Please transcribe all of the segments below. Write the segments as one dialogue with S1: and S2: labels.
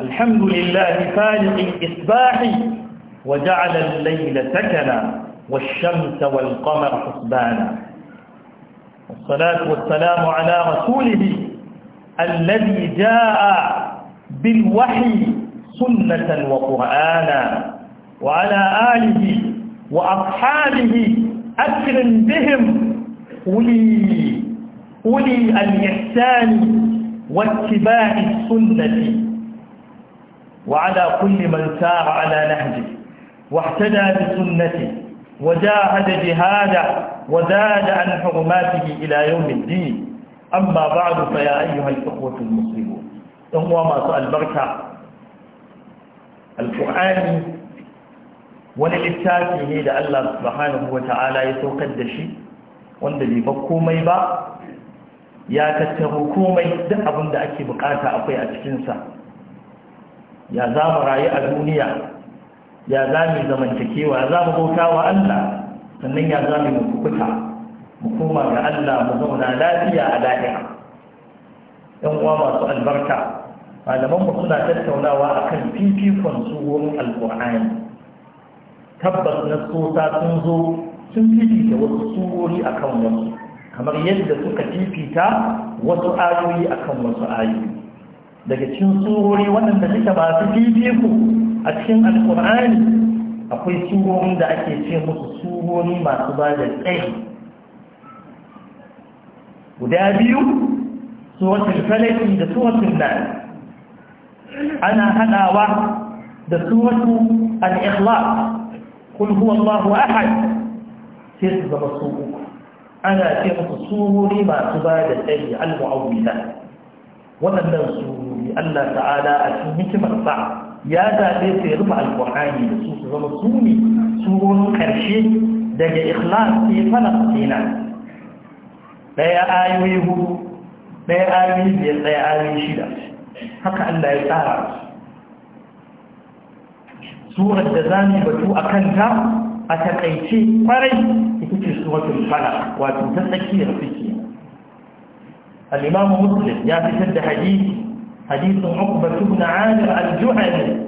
S1: الحمد لله فالق الإصباح وجعل الليل سكنا والشمس والقمر حسبانا والصلاة والسلام على رسوله الذي جاء بالوحي سنة وقرآنا وعلى آله وأصحابه أكرم بهم أولي أولي الإحسان واتباع السنة وعلى كل من سار على نهجه واحتدى بسنته وجاهد جهاده وزاد عن حرماته إلى يوم الدين أما بعد فيا أيها الإخوة المسلمون هو ما سأل بركة القرآن وللإبتاكي هي الله سبحانه وتعالى يتوقد شيء wanda bai bar komai ba ya tattaro komai duk abin da ake bukata akwai a cikinsa ya za mu rayu a duniya ya za mu zamantakewa za mu bauta wa Allah sannan ya za mu kukuta mu koma ga Allah mu zauna lafiya a lahira yan uwa masu albarka malaman mu suna tattaunawa akan fifikon su wurin tabbas na tsota sun zo sun fifita wasu surori akan wasu kamar yadda suka fifita wasu ayoyi akan wasu ayoyi daga cikin surori waɗanda suke masu fifiku a cikin alkur'ani akwai surorin da ake ce musu surori masu ba da tsayi guda biyu suwatul falaki da suwatul nan ana haɗawa da suwatu al-ikhlas kul huwa Allahu ahad sai su zama su uku ana ce musu surori masu ba da tsayi al waɗannan surori musulmi Allah ta'ala a cikin hikimarsa ya zaɓe su ya rufe alƙur'ani da su su zama su ne surorin ƙarshe daga ikhlas sai falastina ɗaya ayoyi hudu ɗaya ayoyi biyar ɗaya ayoyi shida haka Allah ya tsara surar da za mu batu a kanta a takaice kwarai ita ce suratul falaq wato ta tsakiyar fikiya al-imam muslim ya fitar da hadisi حديث عقبة بن عامر الجعل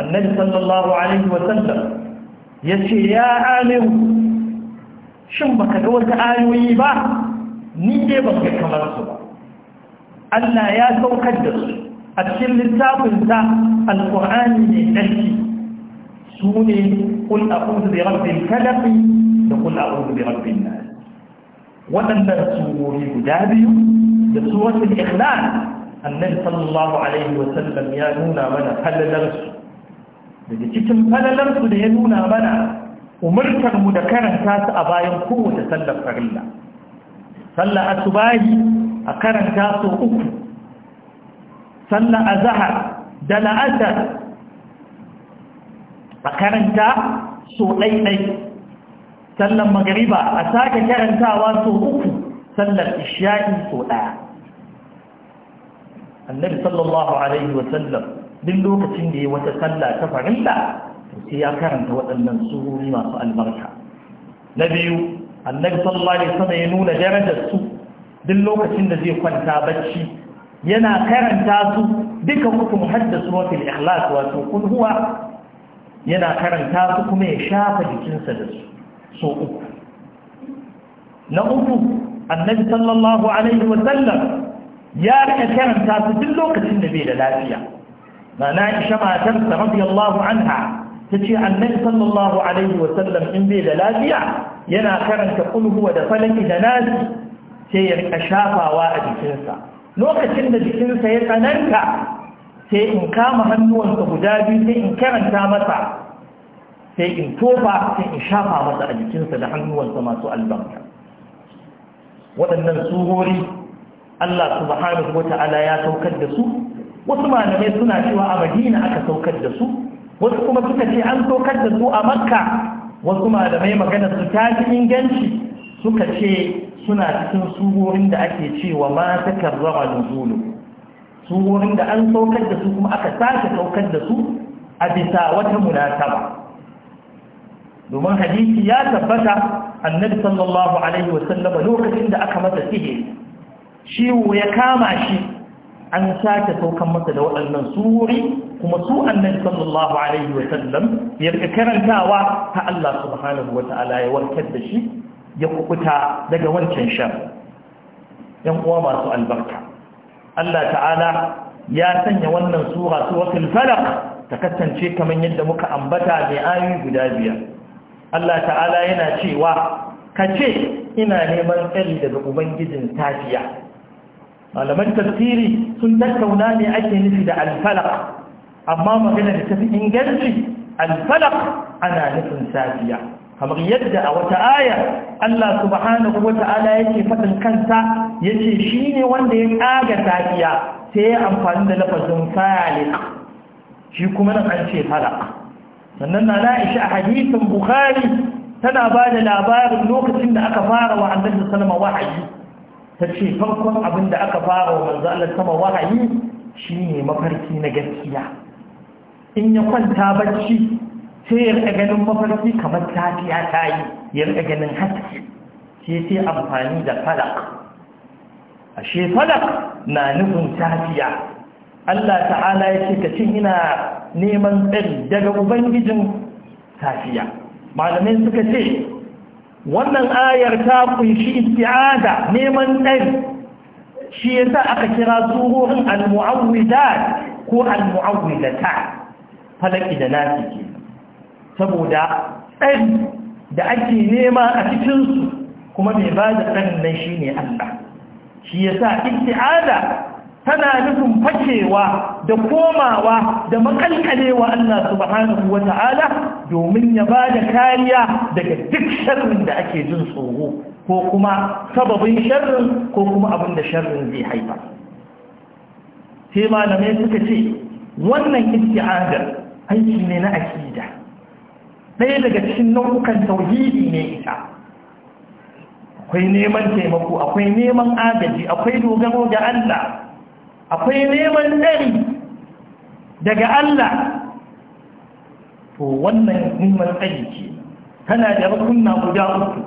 S1: النبي صلى الله عليه وسلم يسير يا عامر شمك قولت آيوي با نيجي بك كما رسول أن يا سو كدر أكل لتاب لتا القرآن لنهي سوني قل أعوذ برب الفلق نقول أعوذ برب الناس وأن سوري بدابي بسورة الإخلاص annan sallallahu alaihi Sallam ya nuna mana falalarsu daga cikin falalarsu da ya nuna mana umurtarmu da karanta su a bayan kowace sallar farilla sallar asubahi a karanta su uku sallar azahar da la'adar, a karanta so ɗaiɗai sallar magariba a sake karantawa so uku sallar isha'i so ɗaya annabi sallallahu alaihi wa sallam duk lokacin da ya wata sallah ta farilla sai ya karanta waɗannan surori masu albarka na biyu annabi sallallahu alaihi wa sallam ya nuna darajar su duk lokacin da zai kwanta bacci yana karanta su duka uku muhaddasu wa ikhlas wato kun huwa yana karanta su kuma ya shafa jikinsa da su so uku na uku annabi sallallahu alaihi wa sallam ya rika karanta su duk lokacin da bai da lafiya mana isha matarsa radiyallahu anha tace annabi sallallahu alaihi wasallam in bai da lafiya yana karanta kulhu da falaki da nazi, sai ya rika shafawa a jikinsa lokacin da jikinsa ya tsananta sai in kama hannuwansa guda biyu sai in karanta masa sai in tofa sai in shafa masa a jikinsa da hannuwansa masu albarka waɗannan tsohori Allah subhanahu ta'ala ya saukar da su wasu malamai suna cewa a Madina aka saukar da su wasu kuma suka ce an saukar da su a Makka wasu malamai magana su ta fi inganci suka ce suna cikin surorin da ake cewa ma ta karrama zulu. surorin da an saukar da su kuma aka sake saukar da su a bisa wata munasaba domin hadisi ya tabbata annabi sallallahu alaihi sallama, lokacin da aka masa sihiri ciwo ya kama shi an sake saukan masa da waɗannan suri kuma su annan sallallahu alaihi wa sallam ya karantawa ta Allah subhanahu wa ta'ala ya warkar da shi ya kubuta daga wancan shan yan uwa masu albarka Allah ta'ala ya sanya wannan sura su suratul falak ta kasance kamar yadda muka ambata mai ayoyi guda biyar Allah ta'ala yana cewa kace ina neman tsari daga ubangijin tafiya malaman tafsiri sun tattauna ne ake nufi da alfalak amma magana da tafi inganci alfalak ana nufin safiya kamar yadda a wata aya Allah subhanahu wata'ala yake faɗin kansa yace shine wanda ya kaga safiya sai ya amfani da lafazin falik shi kuma nan an ce falak sannan na Aisha a hadisin Bukhari tana ba da labarin lokacin da aka fara wa annabi sallama wahayi ta ce farkon abin da aka fara wa manzo Allah sama wahayi shine mafarki na gaskiya in ya kwanta bacci sai ya rika ganin mafarki kamar tafiya ta yi ya rika ganin haske sai sai amfani da falak ashe falak na nufin tafiya. Allah ta'ala ya ce ka cin ina neman tsari daga ubangijin tafiya. malamai suka ce wannan ayar ta kunshi isti'ada neman tsari shi yasa aka kira surorin al-mu'awwidat ko al muawwidata falaki da nasi ke saboda tsari da ake nema a cikinsu kuma mai ba da tsarin nan shine Allah shi yasa isti'ada tana nufin fakewa da komawa da makalkalewa Allah subhanahu wa ta'ala domin ya ba da kariya daga duk sharrin da ake jin tsoro ko kuma sababin sharrin ko kuma abin da sharrin zai haifa sai malamai suka ce wannan isti'adar aiki ne na akida ɗaya daga cikin nau'ukan tauhidi ne ita akwai neman taimako akwai neman agaji akwai dogaro ga Allah akwai neman ɗari daga Allah to wannan neman ɗari ce tana da rukunna guda uku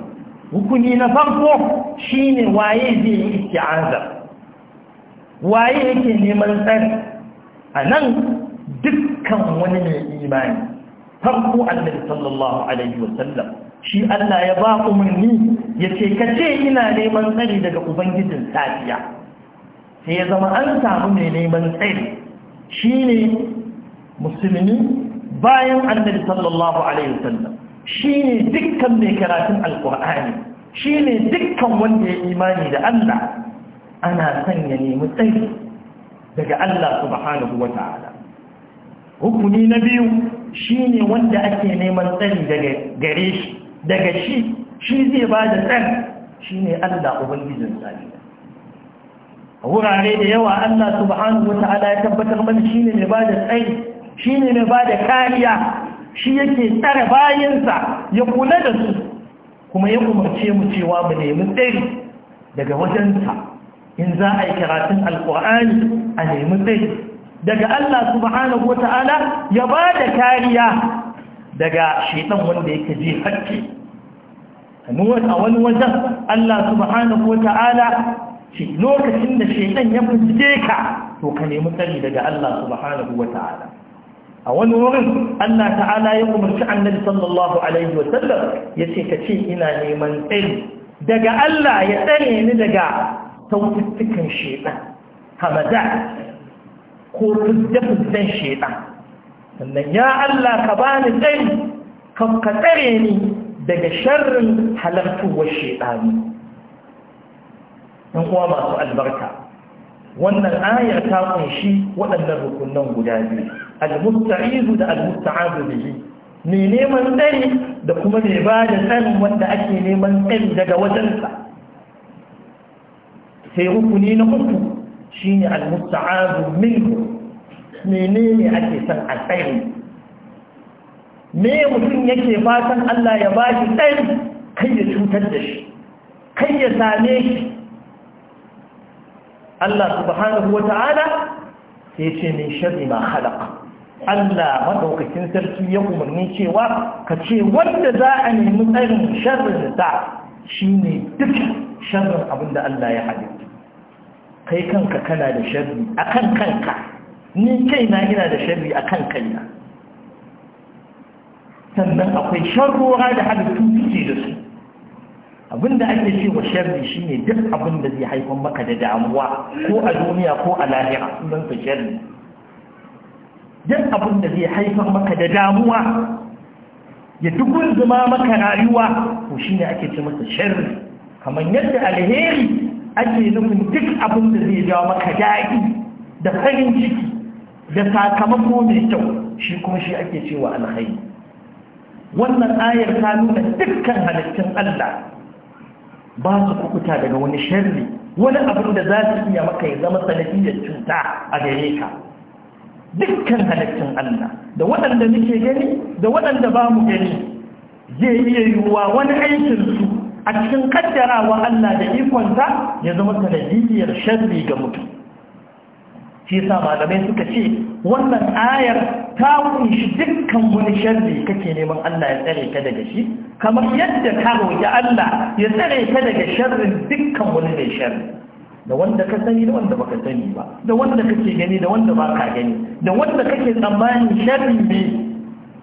S1: rukuni na farko shine waye zai yi isti'aza waye yake neman tsari a nan dukkan wani mai imani farko annabi sallallahu alaihi wasallam shi Allah ya ba umarni ya ce ka ina neman tsari daga ubangijin safiya sai ya zama an samu mai neman tsaye shi ne musulmi bayan annabi sallallahu alaihi wasallam shi ne dukkan mai karatun alkur'ani shi ne dukkan wanda ya imani da Allah ana sanya ya nemi tsaye daga Allah subhanahu wa ta'ala hukuni na biyu shi ne wanda ake neman tsari daga gare shi daga shi shi zai ba da tsari shi ne Allah ubangijin tsari wurare da yawa Allah subhanahu wa ta'ala ya tabbatar mana shine mai bada tsayi shine mai bada kariya shi yake tsare bayansa ya kula da su kuma ya umarce mu cewa mu nemi tsari daga wajensa in za a yi karatun alkur'ani a nemi tsari daga Allah subhanahu wa ta'ala ya kariya daga shaitan wanda yake je hakki a wani wajen Allah subhanahu wa ta'ala ce lokacin da shaitan ya fuske ka to ka nemi tsari daga Allah subhanahu wa ta'ala a wani wurin Allah ta'ala ya umarci annabi sallallahu alaihi wa sallam ya ce ka ce ina neman tsari daga Allah ya tsare ni daga saututtukan shaitan hamada ko fuzdan shaitan sannan ya Allah ka bani tsari ka tsare ni daga sharrin halartuwar shaitani ɗan uwa masu albarka wannan ayar ta kunshi waɗannan rukunan guda biyu al-musta'izu da al-musta'adu bihi ne neman tsari da kuma mai ba da tsarin wanda ake neman tsari daga wajensa sai rukuni na uku shine al-musta'adu ne ne ake son a tsari me mutum yake fatan Allah ya ba shi tsari kai ya cutar da shi kai ya same shi Allah subhanahu wata'ala ya ce min shari ma khalaqa Allah maɗaukacin sarki ya umarni cewa ka ce wanda za a nemi tsarin sharrin sa shine duk sharrin abinda Allah ya halitta kai kanka kana da sharri akan kanka ni kaina ina da sharri akan kaina sannan akwai sharrora da halittu suke da su abinda ake ce wa sharri shine duk abin da zai haifar maka da damuwa ko a duniya ko a lahira sunan sa sharri duk abin da zai haifar maka da damuwa ya duk zama maka rayuwa to shine ake ce masa sharri kamar yadda alheri ake nufin duk abin da zai jawo maka daɗi da farin ciki da sakamako mai kyau shi kuma shi ake cewa alhaini wannan ayar ta nuna dukkan halittun Allah ba su kukuta daga wani sharri wani abin da za su iya maka ya zama sanadiyar cuta a gare ka dukkan halittun Allah da waɗanda muke gani da waɗanda ba mu gani zai iya yiwuwa wani aikin su a cikin kaddarawa Allah da ikonsa ya zama sanadiyar sharri ga mutum shi sa malamai suka ce wannan ayar ta kunshi dukkan wani sharri kake neman Allah ya tsare ka daga shi kamar yadda ka roƙi Allah ya tsare ka daga sharrin dukkan wani mai sharri da wanda ka sani da wanda baka sani ba da wanda kake gani da wanda ba ka gani da wanda kake tsammanin sharri ne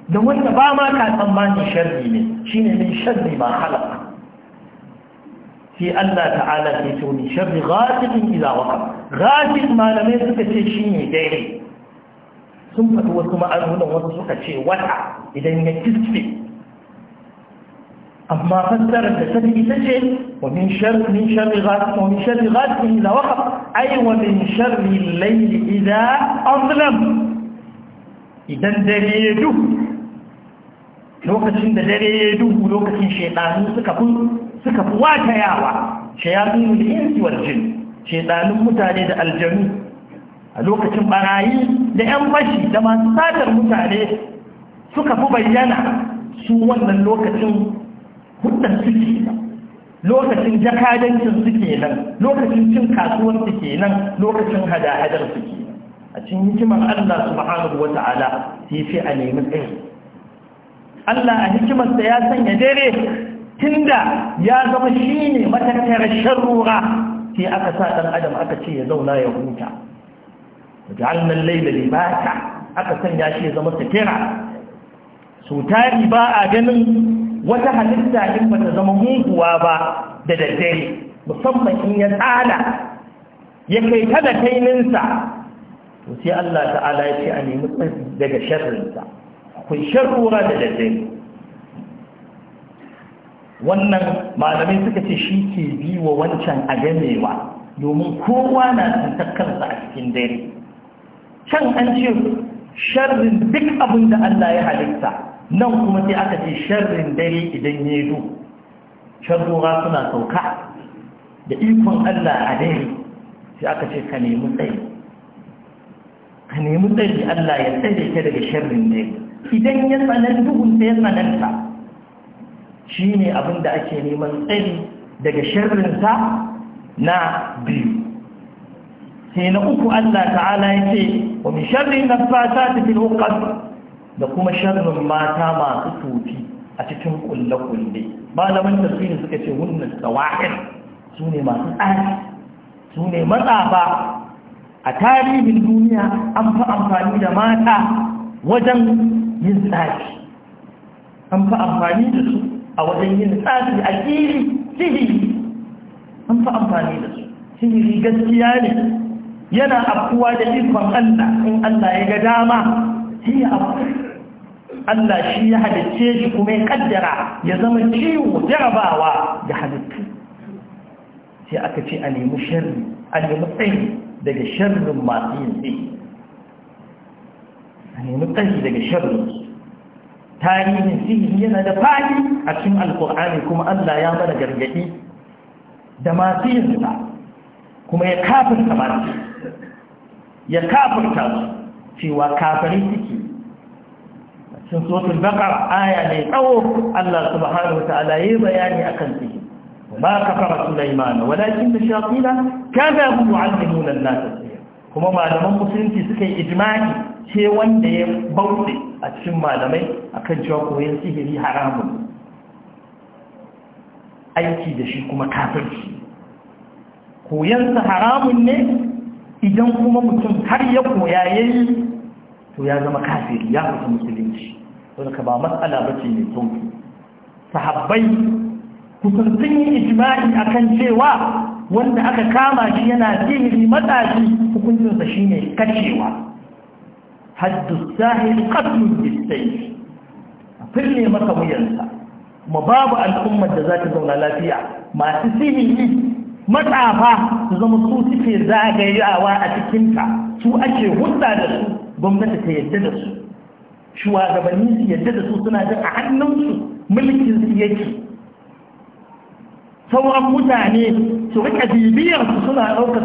S1: da wanda ba ma ka tsammanin sharri ne shine min sharri ba halaka sai Allah ta'ala ke ce min sharri ghasiqin idza waqab ghasiq malamai suka ce shine dare sun faɗi wasu ma'anunan wasu suka ce wata idan ya kisfe أما فسر تسبب تجعل ومن شر من شر غاسق ومن شر غاسق إذا وقف أي ومن شر الليل إذا أظلم إذا دريده lokacin da dare ya duhu lokacin shaidanu suka fi suka fi watayawa shayatun insi wal jin shaidanun mutane da aljanu a lokacin barayi da yan fashi da masu satar mutane suka fi bayyana su wannan lokacin hudun suke nan lokacin jakadancin suke nan lokacin cin kasuwar suke nan lokacin hada-hadar suke a cikin hikimar Allah subhanahu wa ta'ala sai fi a nemi tsaye Allah a hikimarsa ya sanya dare tunda ya zama shine matattarar sharura sai aka sa dan adam aka ce ya zauna ya huta ja'alna al-layla libata aka sanya shi ya zama sakira so tari ba a ganin wata halitta in bata zama muguwa ba da daddare musamman in ya tsada ya kai ta da kaininsa to sai Allah ta'ala ya ce a nemi tsari daga sharrinsa akwai sharrura da daddare wannan malamai suka ce shi ke bi wa wancan a ganewa domin kowa na tsantar kansa a cikin dare can an ce sharrin duk abin da Allah ya halitta nan kuma sai aka ce sharrin dare idan ya zo sharrora suna sauka da ikon Allah a dare sai aka ce ka nemi tsayi ka nemi tsayi Allah ya tsaye ke daga sharrin dare idan ya tsanan duhun sai ya tsananta shi ne abin da ake neman tsayi daga sharrinsa na biyu sai na uku Allah ta'ala ya ce wa min sharri ta fil uqad da kuma sharrin mata masu tufi a cikin kulle-kulle malaman tafsirin suka ce hunna sawahil su ne masu tsari su ne matsafa a tarihin duniya an fi amfani da mata wajen yin tsari an fi amfani da su a wajen yin tsari a kiri sihiri an fi amfani da su sihiri gaskiya ne yana afkuwa da ikon allah in allah ya ga dama shi ya abu Allah shi ya halicce shi kuma ya kaddara ya zama ciwo jarabawa da halittu sai aka ce a nemi shirin a nemi tsayi daga shirin masu yin tsayi a nemi tsayi daga shirin tarihin sihiri yana da fadi a cikin alkur'ani kuma Allah ya mana gargadi da masu yin kuma ya kafirta masu ya kafirta su cewa kafari suke sun sotun bakar aya mai tsawo Allah subhanahu wa ta'ala yi bayani kan su ba kafara Sulaiman walakin da shaqila kada bu yu'allimuna an-nas kuma malaman musulunci suka yi ijma'i ce wanda ya bauɗe a cikin malamai akan cewa koyon sihiri haramun aiki da shi kuma kafirci koyon haramun ne idan kuma mutum har ya koya yayi to ya zama kafiri ya kusa musulunci wanda ka ba matsala ba ce mai sauki sahabbai kusan sun yi ijma'i akan cewa wanda aka kama shi yana sihiri matsashi hukuncinsa shine kacewa haddu sahiri qatlun bisayf fille maka wuyansa ma babu al'ummar da za ta zauna lafiya masu sihiri matsafa su zama su suke zagayawa a cikinta su ake hulɗa da su gwamnati ta yadda da su shugabanni su yadda da su suna jin a hannunsu mulkin su yake sauran mutane su rika bibiyar su suna ɗaukar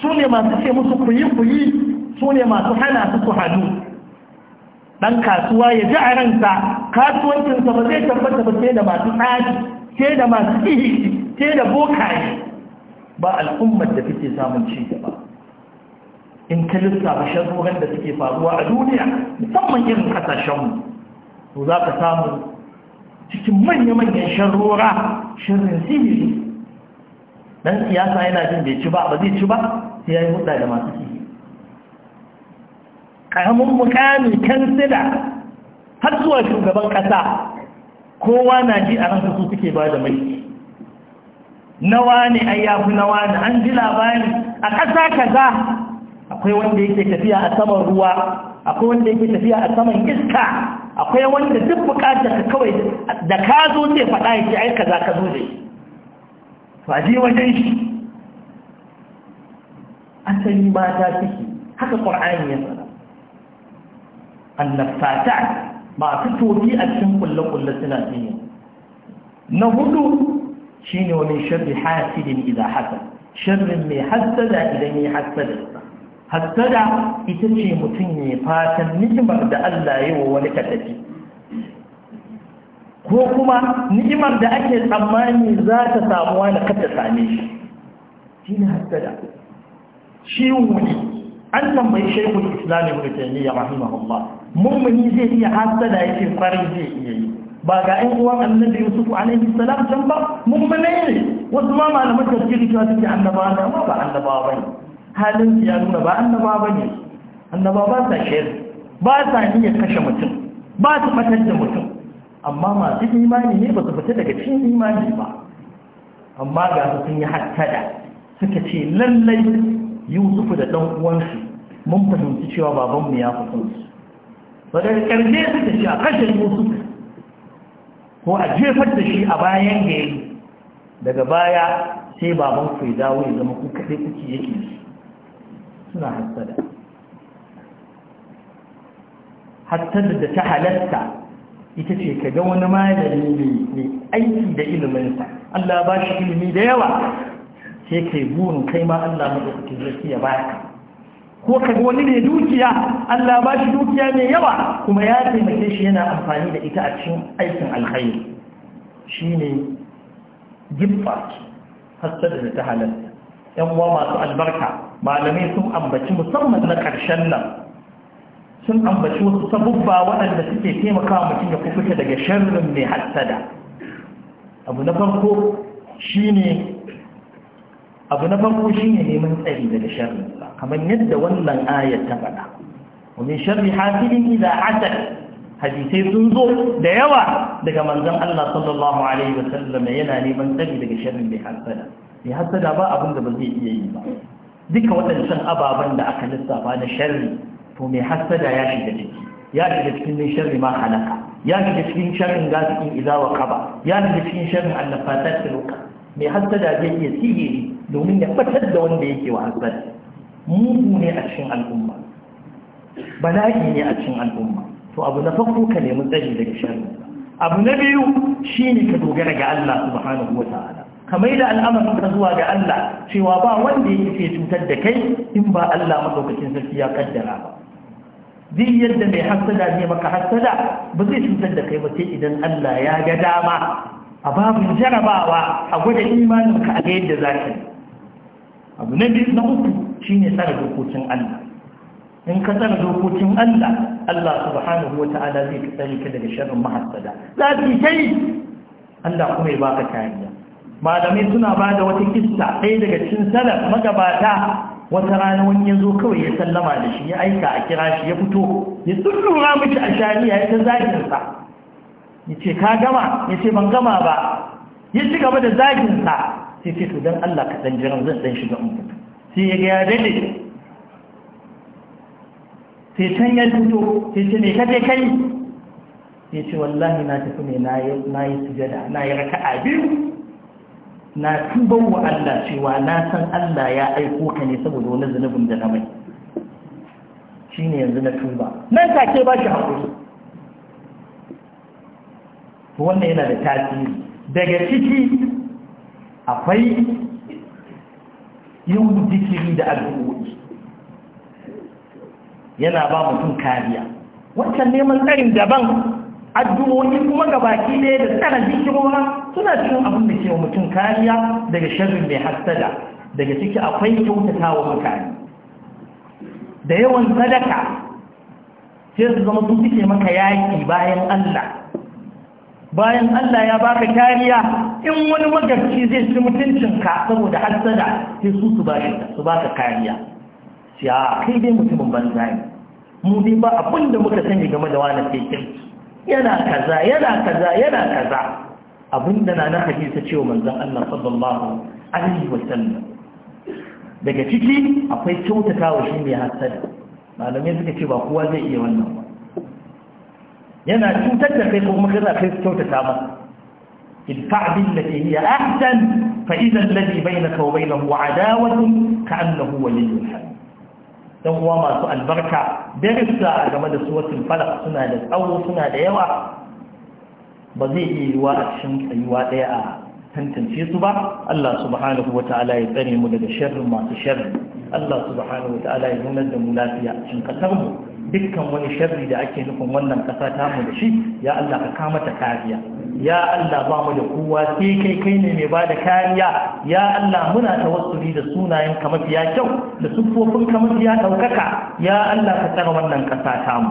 S1: su a matsayin su ne masu ba su su ne masu ce musu kuyi kuyi su ne masu hana su su hadu dan kasuwa ya ji a ransa kasuwancinsa ba zai tabbata ba sai da masu tsari sai da masu ihi sai da bokaye ba al'ummar da take samun ci gaba in ka ba sharuran da suke faruwa a duniya musamman irin kasashenmu to za ka samu cikin manya-manyan sharura shirin sihiri dan siyasa yana jin bai ci ba ba zai ci ba sai ya yi hudu da masu sihiri ƙaramin mukami kansila har zuwa shugaban ƙasa kowa na ji a ransa su suke ba da mulki nawa ne ayyafi nawa ne an ji labari a ƙasa kaza akwai wanda yake tafiya a saman ruwa akwai wanda yake tafiya a saman iska akwai wanda duk bukatar ka kawai da ka zo zai faɗa ya ce aika za ka zo da shi to a je wajen shi asali mata haka ƙwar'ani ya annabtata masu toki a cikin kulle-kulle suna cinye na hudu shine wani sharri hasidin idan hasa sharrin mai hasada idan ya hasada hasada ita ce mutum ya fatan ni'imar da Allah yi wa wani tafi ko kuma ni'imar da ake tsammani za ta samu wani kada same shi shi ne hasada shi wuni an tambayi shaikul islam ibn taymiyyah rahimahullah mummuni zai iya ya yake kwarai zai iya yi ba ga ɗan uwan annabi yusuf alaihi salam can ba mummune ne wasu ma malaman tafsiri cewa suke annabawa ba ba annabawa bane halin ya nuna ba annaba ba ne annaba ba sa shayar ba sa niyyar kashe mutum ba su fatar da mutum amma masu imani ne ba su fita daga cikin imani ba amma ga su sun yi hattada suka ce lallai yusufu da ɗan uwansu mun fahimci cewa babanmu ya fi son su ba ƙarfe suka ce a kashe yusuf ko a jefar da shi a bayan gari daga baya sai baban ku ya dawo ya zama ku kaɗai kuke yake suna hassada hassada da ta halatta ita ce ka ga wani malami mai aiki da iliminsa Allah ba shi ilimi da yawa sai yi burin kai ma Allah maɗaukakin zaki ya baka ko ka ga wani ne dukiya Allah ba shi dukiya mai yawa kuma ya taimake shi yana amfani da ita a cikin aikin alkhairi shine giffa hassada da ta halatta yan uwa masu albarka malamai sun ambaci musamman na ƙarshen nan sun ambaci wasu sabubba waɗanda suke taimakawa mutum ya kufuta daga sharrin mai hassada abu na farko shine abu na farko shine neman tsari daga sa, kamar yadda wannan ayar ta faɗa min sharri hasidin إذا حسد hadisai sun zo da yawa daga manzon Allah sallallahu alaihi wasallam yana neman tsari daga sharrin mai hassada mai eh, hasada ba abin da ba zai iya yi ba duka waɗancan ababen da aka lissafa na sharri to mai hasada ya shiga ciki ya shiga cikin mai sharri ma halaka ya shiga cikin sharrin gasikin izawa kaba ya shiga cikin sharrin annafatar tiluka mai hasada zai iya sihiri domin ya fitar da wanda yake wa hasada mugu ne a cikin al'umma bala'i ne a cikin al'umma to abu na farko ka nemi tsari daga sharri abu na biyu shine ka dogara ga Allah subhanahu wa ta'ala kamar da al'amarin ka zuwa ga Allah cewa ba wanda ya yake cutar da kai in ba Allah madaukakin sarki ya kaddara ba duk yadda mai hassada ne maka hassada? ba zai cutar da kai ba sai idan Allah ya ga dama a babin jarabawa a gwada ka a ga yadda za ka yi abu na biyu na uku shine tsara dokokin Allah in ka tsara dokokin Allah Allah subhanahu ta'ala zai tsare ka daga sharrin mahassada za su yi Allah kuma ya baka kariya malamai suna ba da wata kista ɗaya daga cikin salaf magabata wata rana wani ya zo kawai ya sallama da shi ya aika a kira shi ya fito ya tsullura mace a shari'a ya ta zaginsa ya ce ka gama ya ce ban gama ba ya ci gaba da zaginsa sai ce to don allah ka ɗan jiran zan ɗan shiga in sai ya ga ya daɗe sai can ya fito sai ce ne ka je kai ya ce wallahi na tafi ne na yi sujada na yi raka'a biyu na tuban wa Allah cewa na san Allah ya aiko ka ne saboda wani zunubin da na mai shi ne yanzu na tuba nan take ba shi haƙuri wannan yana da tasiri daga ciki akwai yin jikiri da addu'o'i yana ba mutum kariya wancan neman tsarin daban addu'o'i kuma gabaki ne da tsara zikirowa suna cikin abin da ke wa mutum kariya daga sharrin mai hasada daga ciki akwai kyautata wa mutane da yawan sadaka sai su zama sun suke maka yaƙi bayan Allah bayan Allah ya baka kariya in wani magarci zai ci mutuncinka saboda hasada sai su su baka kariya sai kai dai mutumin banza ne mu dai ba abin da muka sani game da wani kekin yana kaza yana kaza yana kaza abinda na na hadisa cewa manzon Allah sallallahu alaihi wasallam daga ciki akwai kyautata wa shi mai hasada malamai suka ce ba kowa zai iya wannan ba yana cutar da kai ko kuma kaza kai kyautata masa idfa ke hiya ahsan fa idha na bainaka wa bainahu adawatun ka'annahu waliyyun hamid dan uwa masu albarka darissa game da suwatul falaq suna da tsawo suna da yawa ba zai iya yiwa a cikin tsayuwa ɗaya a tantance su ba Allah subhanahu wa ya tsare mu daga sharrin masu sharri Allah subhanahu wa ya nuna da mu lafiya a cikin ƙasar mu dukkan wani sharri da ake nufin wannan ƙasa ta mu da shi ya Allah ka kama ta kariya ya Allah ba mu da kowa sai kai kai ne mai ba da kariya ya Allah muna tawassuli da sunayen ka mafiya kyau da siffofin ka mafiya ɗaukaka ya Allah ka tsare wannan ƙasa ta mu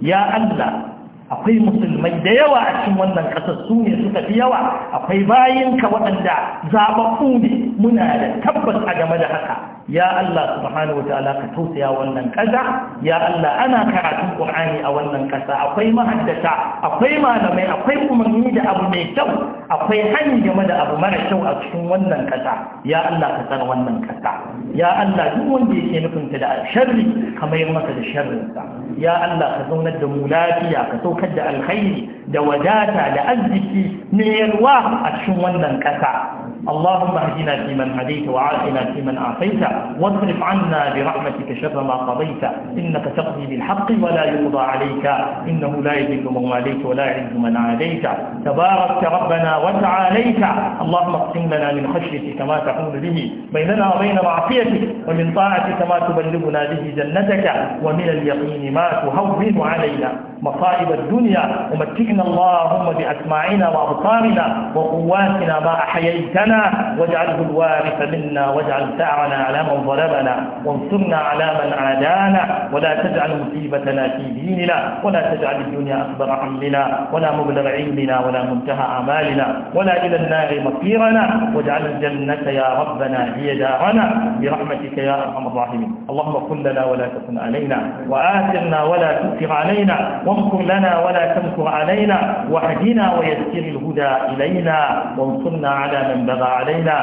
S1: ya Allah akwai musulmai da yawa a cikin wannan ƙasar su ne suka fi yawa akwai bayinka waɗanda zaɓaɓɓu ne muna da tabbas a game da haka ya Allah subhanahu wataala ka tausaya wannan kaza ya Allah ana karatun Qur'ani a wannan kasa akwai mahaddata akwai malamai akwai umarni da abu mai kyau akwai hanyar game da abu mara kyau a cikin wannan kasa ya Allah ka tsara wannan kasa ya Allah duk wanda yake nufin ta da sharri ka mayar masa da sharrinsa. ya Allah ka zaunar da mu lafiya ka saukar da alkhairi da wadata da arziki ne yarwa a cikin wannan kasa اللهم اهدنا فيمن هديت وعافنا فيمن عافيت واصرف عنا برحمتك شر ما قضيت إنك تقضي بالحق ولا يقضى عليك إنه لا يذل من واليت ولا يعز من عاديت تبارك ربنا وتعاليت اللهم اقسم لنا من خشيتك ما تحول به بيننا وبين معصيتك ومن طاعتك ما تبلغنا به جنتك ومن اليقين ما تهون علينا مصائب الدنيا ومتكنا اللهم بأسماعنا وأبصارنا وقواتنا ما أحييتنا واجعله الوارث منا واجعل ثأرنا على من ظلمنا وانصرنا على من عادانا ولا تجعل مصيبتنا في ديننا ولا تجعل الدنيا أكبر عملنا ولا مبلغ علمنا ولا منتهى أعمالنا ولا إلى النار مصيرنا واجعل الجنة يا ربنا هي دارنا برحمتك برحمتك يا أرحم الراحمين اللهم كن لنا ولا تكن علينا وآثرنا ولا تؤثر علينا وامكر لنا ولا تمكر علينا واهدنا ويسر الهدى إلينا وانصرنا على من بغى علينا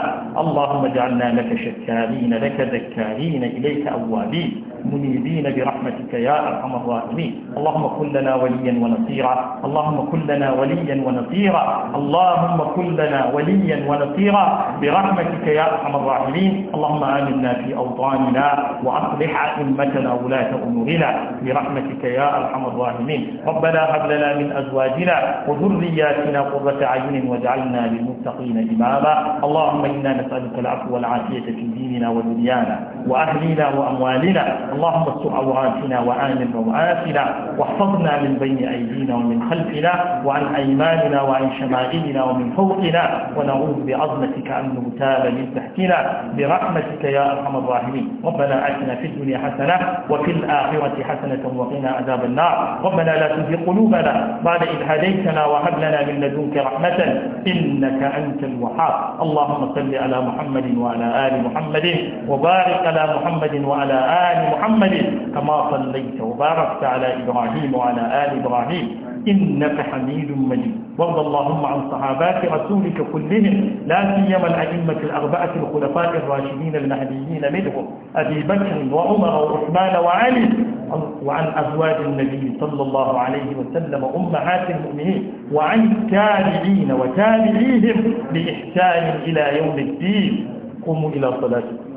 S1: اللهم اجعلنا لك شكارين لك ذكارين إليك أوابين منيبين برحمتك يا أرحم الراحمين اللهم كن لنا وليا ونصيرا اللهم كن لنا وليا ونصيرا اللهم كن لنا وليا ونصيرا برحمتك يا أرحم الراحمين اللهم آمنا في أوطاننا وأصلح أئمتنا ولاة أمورنا برحمتك يا أرحم الراحمين ربنا هب لنا من أزواجنا وذرياتنا قرة عين واجعلنا للمتقين إماما اللهم إنا نسألك العفو والعافية في ديننا ودنيانا وأهلنا وأموالنا اللهم استر عوراتنا وآمن روآتنا واحفظنا من بين أيدينا ومن خلفنا وعن أيماننا وعن شمائلنا ومن فوقنا ونعوذ بعظمتك أن نغتاب من تحتنا برحمتك يا أرحم الراحمين ربنا أتنا في الدنيا حسنة وفي الآخرة حسنة وقنا عذاب النار ربنا لا تزغ قلوبنا بعد إذ هديتنا وهب لنا من لدنك رحمة إنك أنت الوهاب اللهم صل على محمد وعلى آل محمد وبارك على محمد وعلى آل محمد محمد كما صليت وباركت على إبراهيم وعلى آل إبراهيم إنك حميد مجيد وارض اللهم عن صحابات رسولك كلهم لا سيما الأئمة الأربعة الخلفاء الراشدين المهديين منهم أبي بكر وعمر وعثمان وعلي وعن أزواج النبي صلى الله عليه وسلم أمهات المؤمنين وعن التابعين وتابعيهم بإحسان إلى يوم الدين قوموا إلى صلاتكم